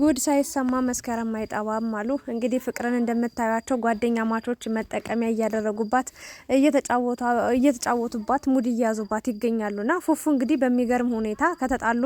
ጉድ ሳይሰማ መስከረም አይጠባም አሉ። እንግዲህ ፍቅርን እንደምታዩቸው ጓደኛ ማቾች መጠቀሚያ እያደረጉባት እየተጫወቱባት ሙድ እያያዙባት ይገኛሉና ፉፉ እንግዲህ በሚገርም ሁኔታ ከተጣሉ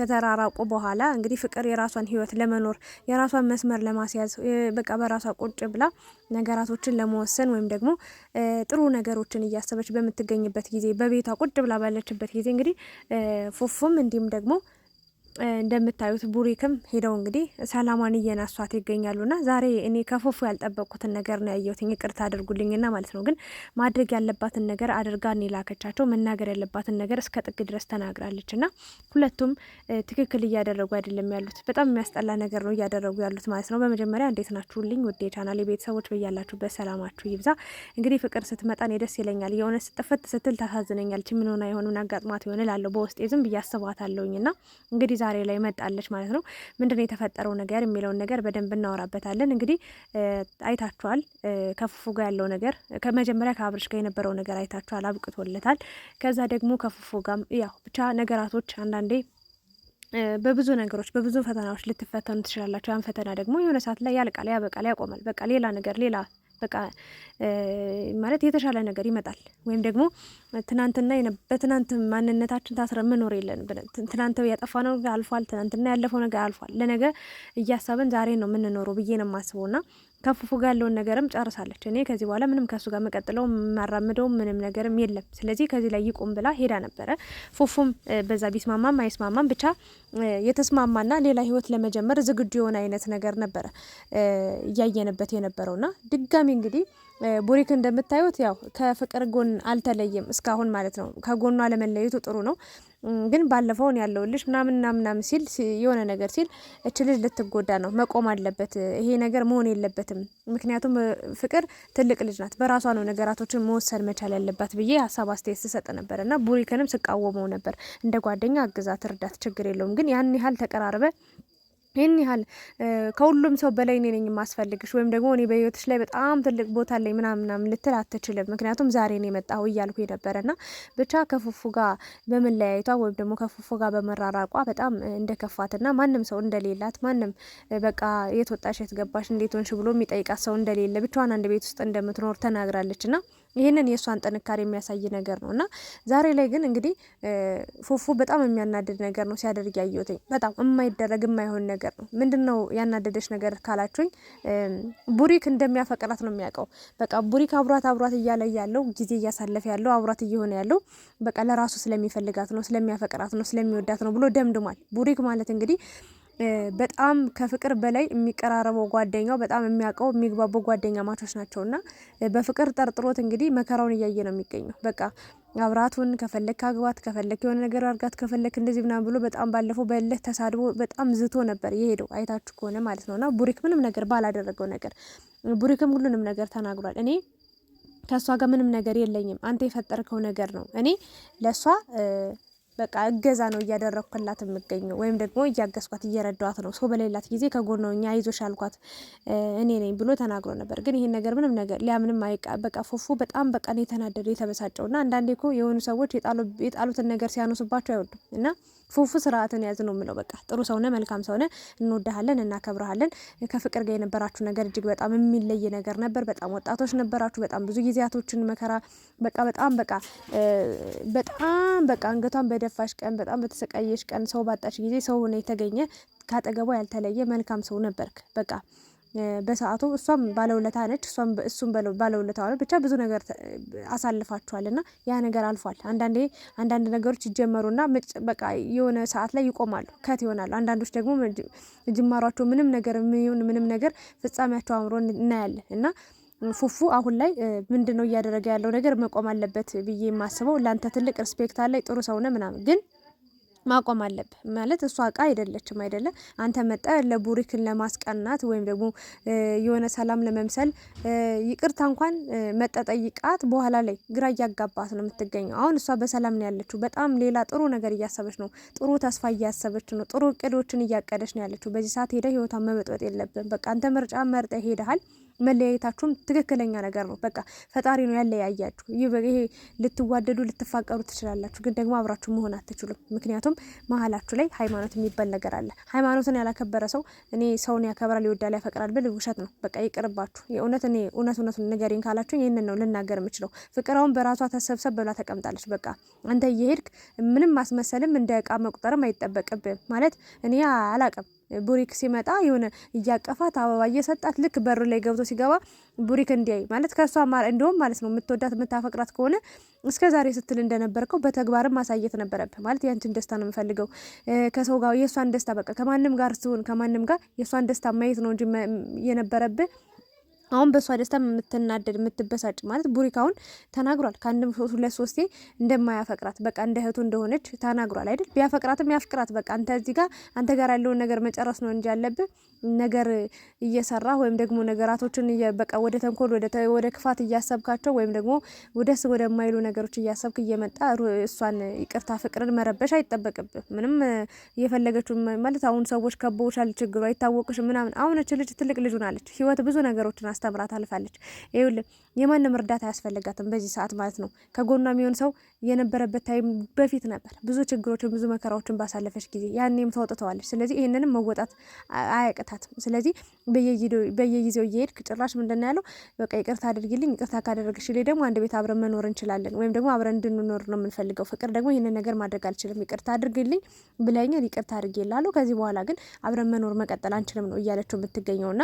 ከተራራቁ በኋላ እንግዲህ ፍቅር የራሷን ህይወት ለመኖር የራሷን መስመር ለማስያዝ በቃ በራሷ ቁጭ ብላ ነገራቶችን ለመወሰን ወይም ደግሞ ጥሩ ነገሮችን እያሰበች በምትገኝበት ጊዜ በቤቷ ቁጭ ብላ ባለችበት ጊዜ እንግዲህ ፉፉም እንዲሁም ደግሞ እንደምታዩት ቡሪክም ሄደው እንግዲህ ሰላማን እየናሷት ይገኛሉ። ና ዛሬ እኔ ከፉፉ ያልጠበቅኩትን ነገር ነው ያየሁትኝ። ይቅርታ ና ማለት ነው። ግን ማድረግ ያለባትን ነገር አድርጋ እኔ ላከቻቸው። መናገር ያለባትን ነገር እስከ ጥግ ድረስ ተናግራለች። ና ሁለቱም ትክክል እያደረጉ አይደለም ያሉት። በጣም የሚያስጠላ ነገር ነው እያደረጉ ያሉት ማለት ነው። በመጀመሪያ እንዴት ናችሁልኝ ውድ የቻናል ቤተሰቦች፣ በያላችሁበት ሰላማችሁ ይብዛ። እንግዲህ ፍቅር ስትመጣ እኔ ደስ ይለኛል። የሆነ ስጥፈት ስትል ታሳዝነኛለች። ምን የሆኑን አጋጥማት ይሆን እላለሁ በውስጤ ዝም ብዬ ና እንግዲህ ዛሬ ላይ መጣለች ማለት ነው። ምንድነው የተፈጠረው ነገር የሚለውን ነገር በደንብ እናወራበታለን። እንግዲህ አይታችኋል፣ ከፉፉ ጋር ያለው ነገር ከመጀመሪያ ከአብርሽ ጋር የነበረው ነገር አይታችኋል፣ አብቅቶለታል። ከዛ ደግሞ ከፉፉ ጋር ያው ብቻ ነገራቶች አንዳንዴ በብዙ ነገሮች በብዙ ፈተናዎች ልትፈተኑ ትችላላችሁ። ያን ፈተና ደግሞ የሆነ ሰዓት ላይ ያልቃል፣ ያበቃል፣ ያቆማል። በቃ ሌላ ነገር ሌላ በቃ ማለት የተሻለ ነገር ይመጣል። ወይም ደግሞ ትናንትና በትናንት ማንነታችን ታስረ መኖር የለን። ትናንት ያጠፋ ነው አልፏል። ትናንትና ያለፈው ነገር አልፏል። ለነገ እያሰብን ዛሬ ነው የምንኖረው ብዬ ነው የማስበው ና ከፉፉ ጋር ያለውን ነገርም ጨርሳለች። እኔ ከዚህ በኋላ ምንም ከሱ ጋር መቀጥለው ማራምደው ምንም ነገርም የለም፣ ስለዚህ ከዚህ ላይ ይቁም ብላ ሄዳ ነበረ። ፉፉም በዛ ቢስማማም አይስማማም ብቻ የተስማማና ሌላ ህይወት ለመጀመር ዝግጁ የሆነ አይነት ነገር ነበረ እያየንበት የነበረውና ድጋሚ እንግዲህ ቡሪክ እንደምታዩት ያው ከፍቅር ጎን አልተለየም እስካሁን ማለት ነው። ከጎኗ አለመለየቱ ጥሩ ነው። ግን ባለፈውን ያለውልሽ ምናምንና ምናምን ሲል የሆነ ነገር ሲል እች ልጅ ልትጎዳ ነው፣ መቆም አለበት ይሄ ነገር መሆን የለበትም የለባትም። ምክንያቱም ፍቅር ትልቅ ልጅ ናት፣ በራሷ ነው ነገራቶችን መወሰን መቻል ያለባት ብዬ ሀሳብ አስተያየት ስሰጥ ነበር እና ቡሪክንም ስቃወመው ነበር። እንደ ጓደኛ አግዛት፣ እርዳት፣ ችግር የለውም ግን ያን ያህል ተቀራርበ ይህን ያህል ከሁሉም ሰው በላይ እኔ ነኝ የማስፈልግሽ ወይም ደግሞ እኔ በህይወትሽ ላይ በጣም ትልቅ ቦታ ላይ ምናምን ምናምን ልትል አትችልም። ምክንያቱም ዛሬ ነው የመጣሁ እያልኩ ና ብቻ ከፉፉ ጋር በመለያየቷ ወይም ደግሞ ከፉፉ ጋር በመራራቋ በጣም እንደከፋትና ማንም ሰው እንደሌላት ማንም በቃ የት ወጣሽ የት ገባሽ እንዴት ሆንሽ ብሎ የሚጠይቃት ሰው እንደሌለ ብቻዋን አንድ ቤት ውስጥ እንደምትኖር ተናግራለችና ይህንን የእሷን ጥንካሬ የሚያሳይ ነገር ነው እና ዛሬ ላይ ግን እንግዲህ ፉፉ በጣም የሚያናድድ ነገር ነው ሲያደርግ ያየሁትኝ። በጣም የማይደረግ የማይሆን ነገር ነው። ምንድን ነው ያናደደች ነገር ካላችሁኝ፣ ቡሪክ እንደሚያፈቅራት ነው የሚያውቀው። በቃ ቡሪክ አብሯት አብሯት እያለ ያለው ጊዜ እያሳለፈ ያለው አብሯት እየሆነ ያለው በቃ ለራሱ ስለሚፈልጋት ነው ስለሚያፈቅራት ነው ስለሚወዳት ነው ብሎ ደምድሟል። ቡሪክ ማለት እንግዲህ በጣም ከፍቅር በላይ የሚቀራረበው ጓደኛው በጣም የሚያውቀው የሚግባበው ጓደኛ ማቾች ናቸው እና በፍቅር ጠርጥሮት እንግዲህ መከራውን እያየ ነው የሚገኘው። በቃ አብራቱን ከፈለክ አግባት፣ ከፈለክ የሆነ ነገር አርጋት፣ ከፈለክ እንደዚህ ምናምን ብሎ በጣም ባለፈው በእልህ ተሳድቦ በጣም ዝቶ ነበር የሄደው አይታችሁ ከሆነ ማለት ነው። እና ቡሪክ ምንም ነገር ባላደረገው ነገር ቡሪክም ሁሉንም ነገር ተናግሯል። እኔ ከእሷ ጋር ምንም ነገር የለኝም፣ አንተ የፈጠርከው ነገር ነው እኔ ለእሷ በቃ እገዛ ነው እያደረግኩላት የምገኘው ወይም ደግሞ እያገዝኳት እየረዳዋት ነው። ሰው በሌላት ጊዜ ከጎኗ እኛ ይዞሽ አልኳት እኔ ነኝ ብሎ ተናግሮ ነበር። ግን ይሄን ነገር ምንም ነገር ሊያምንም አይቃ በቃ ፉፉ በጣም በቃ ነው የተናደደው የተበሳጨው። እና አንዳንዴ እኮ የሆኑ ሰዎች የጣሉትን ነገር ሲያነሱባቸው አይወዱም እና ፉፉ ስርዓትን ያዝ ነው የምለው። በቃ ጥሩ ሰውነ፣ መልካም ሰውነ፣ እንወዳሃለን፣ እናከብረሃለን። ከፍቅር ጋር የነበራችሁ ነገር እጅግ በጣም የሚለይ ነገር ነበር። በጣም ወጣቶች ነበራችሁ። በጣም ብዙ ጊዜያቶችን መከራ በቃ በጣም በቃ በጣም በቃ አንገቷን በደፋሽ ቀን፣ በጣም በተሰቃየሽ ቀን፣ ሰው ባጣሽ ጊዜ ሰው ሆነ የተገኘ ካጠገቧ ያልተለየ መልካም ሰው ነበርክ በቃ በሰዓቱ እሷም ባለውለታ ነች፣ እሱም ባለውለታ ነው። ብቻ ብዙ ነገር አሳልፋችኋል እና ያ ነገር አልፏል። አንዳንዴ አንዳንድ ነገሮች ይጀመሩና በቃ የሆነ ሰዓት ላይ ይቆማሉ፣ ከት ይሆናሉ። አንዳንዶች ደግሞ ጅማሯቸው ምንም ነገር የሚሆን ምንም ነገር ፍጻሜያቸው አምሮ እናያለን እና ፉፉ አሁን ላይ ምንድን ነው እያደረገ ያለው ነገር መቆም አለበት ብዬ የማስበው ለአንተ ትልቅ ሪስፔክት አለ፣ ጥሩ ሰውነ ምናምን ግን ማቆም አለብህ። ማለት እሷ እቃ አይደለችም አይደለ? አንተ መጣ ለቡሪክን ለማስቀናት ወይም ደግሞ የሆነ ሰላም ለመምሰል ይቅርታ እንኳን መጠጠይቃት በኋላ ላይ ግራ እያጋባት ነው የምትገኘው። አሁን እሷ በሰላም ነው ያለችው። በጣም ሌላ ጥሩ ነገር እያሰበች ነው፣ ጥሩ ተስፋ እያሰበች ነው፣ ጥሩ እቅዶችን እያቀደች ነው ያለችው። በዚህ ሰዓት ሄደ ህይወቷን መበጥበጥ የለብን። በቃ አንተ ምርጫ መርጠ ሄደሃል። መለያየታችሁም ትክክለኛ ነገር ነው። በቃ ፈጣሪ ነው ያለያያችሁ። ይሄ ልትዋደዱ ልትፋቀሩ ትችላላችሁ፣ ግን ደግሞ አብራችሁ መሆን አትችሉም። ምክንያቱም መሀላችሁ ላይ ሃይማኖት የሚባል ነገር አለ። ሃይማኖትን ያላከበረ ሰው እኔ ሰውን ያከብራል ይወዳል ያፈቅራል ብል ውሸት ነው። በቃ ይቅርባችሁ። የእውነት እኔ እውነት እውነቱ ንገሪኝ ካላችሁ ይህንን ነው ልናገር የምችለው። ፍቅራውን በራሷ ተሰብሰብ ብላ ተቀምጣለች። በቃ አንተ እየሄድክ ምንም ማስመሰልም እንደ እቃ መቁጠርም አይጠበቅብም ማለት እኔ አላቅም ቡሪክ ሲመጣ የሆነ እያቀፋት አበባ እየሰጣት ልክ በሩ ላይ ገብቶ ሲገባ ቡሪክ እንዲያይ ማለት ከእሷ እንደውም ማለት ነው የምትወዳት የምታፈቅራት ከሆነ እስከ ዛሬ ስትል እንደነበርከው በተግባርም ማሳየት ነበረብህ። ማለት ያንችን ደስታ ነው የምፈልገው ከሰው ጋር የእሷን ደስታ በቃ ከማንም ጋር ሲሆን ከማንም ጋር የእሷን ደስታ ማየት ነው እንጂ የነበረብህ አሁን በእሷ ደስታ የምትናደድ የምትበሳጭ ማለት ቡሪካውን ተናግሯል። ከአንድም ሁለት ሶስቴ እንደማያፈቅራት በቃ እንደ እህቱ እንደሆነች ተናግሯል አይደል? ቢያፈቅራትም ያፍቅራት በቃ አንተ እዚህ ጋር አንተ ጋር ያለውን ነገር መጨረስ ነው እንጂ ያለብህ ነገር እየሰራ ወይም ደግሞ ነገራቶችን በቃ ወደ ተንኮል ወደ ክፋት እያሰብካቸው ወይም ደግሞ ወደ ወደማይሉ ነገሮች እያሰብክ እየመጣ እሷን ይቅርታ ፍቅርን መረበሽ አይጠበቅብህ። ምንም እየፈለገችው ማለት አሁን ሰዎች ከበውሻል፣ ችግሩ አይታወቅሽ ምናምን። አሁን ልጅ ትልቅ ልጅ ሆናለች። ህይወት ብዙ ነገሮችን አስተምራ ታልፋለች። ይኸውልህ የማንም እርዳታ አያስፈልጋትም በዚህ ሰዓት ማለት ነው። ከጎኗ የሚሆን ሰው የነበረበት ታይም በፊት ነበር። ብዙ ችግሮችን ብዙ መከራዎችን ባሳለፈች ጊዜ ያኔም ተወጥተዋለች። ስለዚህ ይህንንም መወጣት አያቅታትም። ስለዚህ በየጊዜው እየሄድክ ጭራሽ ምንድን ያለው? በቃ ይቅርታ አድርጊልኝ፣ ይቅርታ ካደረግሽልኝ ደግሞ አንድ ቤት አብረን መኖር እንችላለን፣ ወይም ደግሞ አብረን እንድንኖር ነው የምንፈልገው። ፍቅር ደግሞ ይህንን ነገር ማድረግ አልችልም፣ ይቅርታ አድርግልኝ ብለኛል፣ ይቅርታ አድርጌላለሁ። ከዚህ በኋላ ግን አብረን መኖር መቀጠል አንችልም ነው እያለችው የምትገኘው እና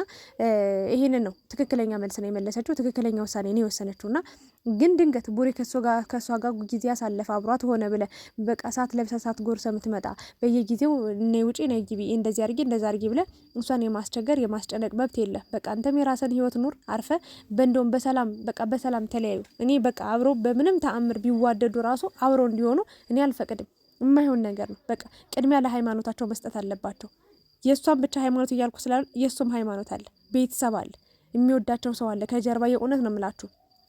ይህንን ነው ትክክል ትክክለኛ መልስ ነው የመለሰችው፣ ትክክለኛ ውሳኔ ነው የወሰነችው። እና ግን ድንገት ቡሪ ከእሷ ጋር ጊዜ ያሳለፈ አብሯት ሆነ ብለ በቃ ሳት ለብሳ ሳት ጎርሰ የምትመጣ በየጊዜው እኔ ውጪ ነ ግቢ እንደዚህ አርጊ እንደዚህ አርጊ ብለ እሷን የማስቸገር የማስጨነቅ መብት የለ። በቃ አንተም የራስን ህይወት ኑር አርፈ በእንደውም በሰላም በቃ በሰላም ተለያዩ። እኔ በቃ አብሮ በምንም ተአምር ቢዋደዱ ራሱ አብሮ እንዲሆኑ እኔ አልፈቅድም። የማይሆን ነገር ነው። በቃ ቅድሚያ ለሃይማኖታቸው መስጠት አለባቸው። የእሷን ብቻ ሃይማኖት እያልኩ ስላሉ የእሱም ሃይማኖት አለ፣ ቤተሰብ አለ። የሚወዳቸው ሰው አለ ከጀርባ። የእውነት ነው የምላችሁ።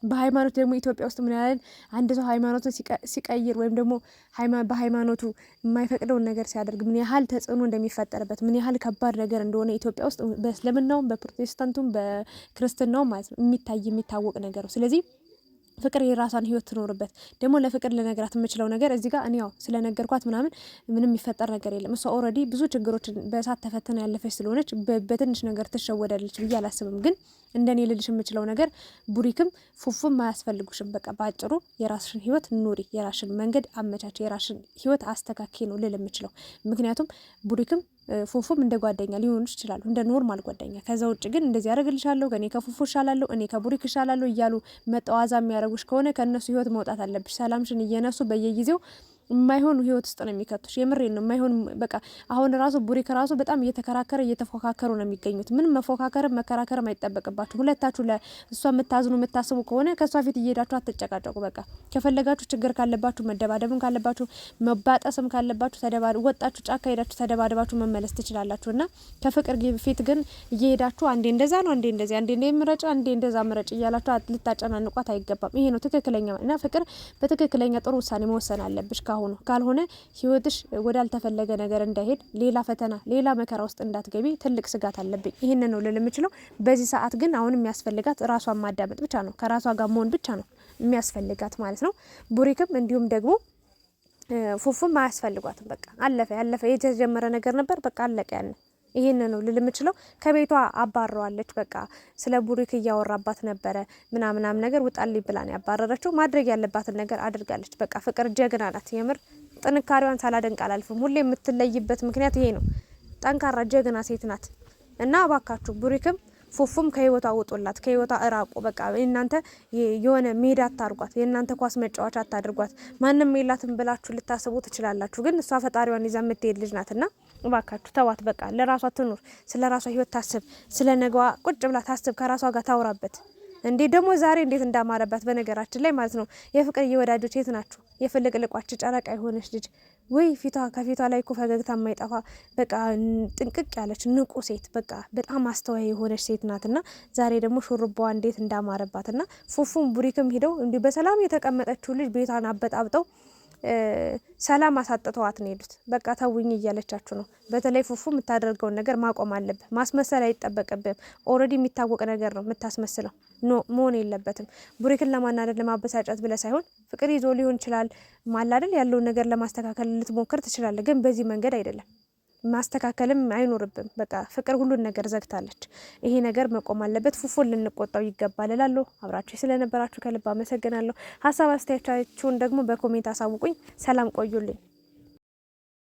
በሃይማኖት ደግሞ ኢትዮጵያ ውስጥ ምን ያህል አንድ ሰው ሃይማኖትን ሲቀይር ወይም ደግሞ በሃይማኖቱ የማይፈቅደውን ነገር ሲያደርግ ምን ያህል ተጽዕኖ እንደሚፈጠርበት ምን ያህል ከባድ ነገር እንደሆነ ኢትዮጵያ ውስጥ በእስልምናውም በፕሮቴስታንቱም በክርስትናውም ማለት ነው የሚታይ የሚታወቅ ነገር ነው። ስለዚህ ፍቅር የራሷን ህይወት ትኖርበት። ደግሞ ለፍቅር ልነግራት የምችለው ነገር እዚህ ጋር እኔ ያው ስለነገርኳት ምናምን ምንም የሚፈጠር ነገር የለም። እሷ ኦልሬዲ ብዙ ችግሮችን በእሳት ተፈትና ያለፈች ስለሆነች በትንሽ ነገር ትሸወዳለች ብዬ አላስብም። ግን እንደኔ ልልሽ የምችለው ነገር ቡሪክም ፉፉም አያስፈልጉሽም። በቃ በአጭሩ የራስሽን ህይወት ኑሪ፣ የራስሽን መንገድ አመቻች፣ የራስሽን ህይወት አስተካኪ ነው ልል የምችለው ምክንያቱም ቡሪክም ፉፉም እንደ ጓደኛ ሊሆኑ ይችላሉ፣ እንደ ኖርማል ጓደኛ። ከዛ ውጭ ግን እንደዚህ ያደረግልሻለሁ፣ እኔ ከፉፉ እሻላለሁ፣ እኔ ከቡሪክ እሻላለሁ እያሉ መጠዋዛ የሚያደርጉሽ ከሆነ ከእነሱ ህይወት መውጣት አለብሽ። ሰላምሽን እየነሱ በየጊዜው የማይሆን ህይወት ውስጥ ነው የሚከቱሽ። የምሬን ነው የማይሆን በቃ አሁን ራሱ ቡሪ ከራሱ በጣም እየተከራከረ እየተፎካከሩ ነው የሚገኙት። ምን መፎካከርም መከራከርም አይጠበቅባችሁ። ሁለታችሁ ለእሷ የምታዝኑ የምታስቡ ከሆነ ከእሷ ፊት እየሄዳችሁ አትጨቃጨቁ። በቃ ከፈለጋችሁ ችግር ካለባችሁ መደባደብም ካለባችሁ መባጠስም ካለባችሁ ተደባ ወጣችሁ ጫካ ሄዳችሁ ተደባደባችሁ መመለስ ትችላላችሁ። እና ከፍቅር ፊት ግን እየሄዳችሁ አንዴ እንደዛ ነው አንዴ እንደዚ አንዴ ምረጭ አንዴ እንደዛ ምረጭ እያላችሁ ልታጨናንቋት አይገባም። ይሄ ነው ትክክለኛ እና ፍቅር በትክክለኛ ጥሩ ውሳኔ መወሰን አለብሽ። አሁኑ ካልሆነ ህይወትሽ ወዳልተፈለገ ነገር እንዳይሄድ ሌላ ፈተና፣ ሌላ መከራ ውስጥ እንዳትገቢ ትልቅ ስጋት አለብኝ። ይህን ነው ልል የምችለው። በዚህ ሰዓት ግን አሁን የሚያስፈልጋት ራሷን ማዳመጥ ብቻ ነው። ከራሷ ጋር መሆን ብቻ ነው የሚያስፈልጋት ማለት ነው። ቡሪክም እንዲሁም ደግሞ ፉፉም አያስፈልጓትም። በቃ አለፈ። ያለፈ የተጀመረ ነገር ነበር። በቃ አለቀ ያለ ይህን ነው ልል የምችለው። ከቤቷ አባረዋለች። በቃ ስለ ቡሪክ እያወራባት ነበረ ምናምናም ነገር ውጣልኝ ብላን ያባረረችው። ማድረግ ያለባትን ነገር አድርጋለች። በቃ ፍቅር ጀግና ናት። የምር ጥንካሬዋን ሳላደንቅ አላልፍም። ሁሌ የምትለይበት ምክንያት ይሄ ነው። ጠንካራ ጀግና ሴት ናት። እና እባካችሁ ቡሪክም ፉፉም ከህይወቷ ውጡላት፣ ከህይወቷ እራቁ። በቃ እናንተ የሆነ ሜዳ አታርጓት፣ የእናንተ ኳስ መጫወቻ አታድርጓት። ማንም የላትም ብላችሁ ልታስቡ ትችላላችሁ፣ ግን እሷ ፈጣሪዋን ይዛ የምትሄድ ልጅ ናትና እባካችሁ ተዋት፣ በቃ ለራሷ ትኑር፣ ስለ ራሷ ህይወት ታስብ፣ ስለ ነገዋ ቁጭ ብላ ታስብ፣ ከራሷ ጋር ታውራበት። እንዴ ደግሞ ዛሬ እንዴት እንዳማረባት በነገራችን ላይ ማለት ነው። የፍቅር ወዳጆች የት ናችሁ? የፍልቅልቋችሁ ጨረቃ የሆነች ልጅ ወይ ፊቷ ከፊቷ ላይ እኮ ፈገግታ የማይጠፋ በቃ ጥንቅቅ ያለች ንቁ ሴት በቃ በጣም አስተዋይ የሆነች ሴት ናትና ዛሬ ደግሞ ሹርባዋ እንዴት እንዳማረባትና ፉፉም ቡሪክም ሂደው እንዲሁ በሰላም የተቀመጠችው ልጅ ቤቷን አበጣብጠው ሰላም አሳጥተዋት ነው ሄዱት በቃ ተውኝ እያለቻችሁ ነው። በተለይ ፉፉ የምታደርገውን ነገር ማቆም አለብህ። ማስመሰል አይጠበቅብህም። ኦልሬዲ የሚታወቅ ነገር ነው የምታስመስለው። ኖ መሆን የለበትም። ቡሪክን ለማናደድ ለማበሳጨት ብለህ ሳይሆን ፍቅር ይዞ ሊሆን ይችላል ማላደል ያለውን ነገር ለማስተካከል ልትሞክር ትችላለህ፣ ግን በዚህ መንገድ አይደለም። ማስተካከልም አይኖርብም። በቃ ፍቅር ሁሉን ነገር ዘግታለች። ይሄ ነገር መቆም አለበት። ፉፉን ልንቆጣው ይገባል እላለሁ። አብራችሁ ስለነበራችሁ ከልብ አመሰግናለሁ። ሀሳብ አስተያየታችሁን ደግሞ በኮሜንት አሳውቁኝ። ሰላም ቆዩልኝ።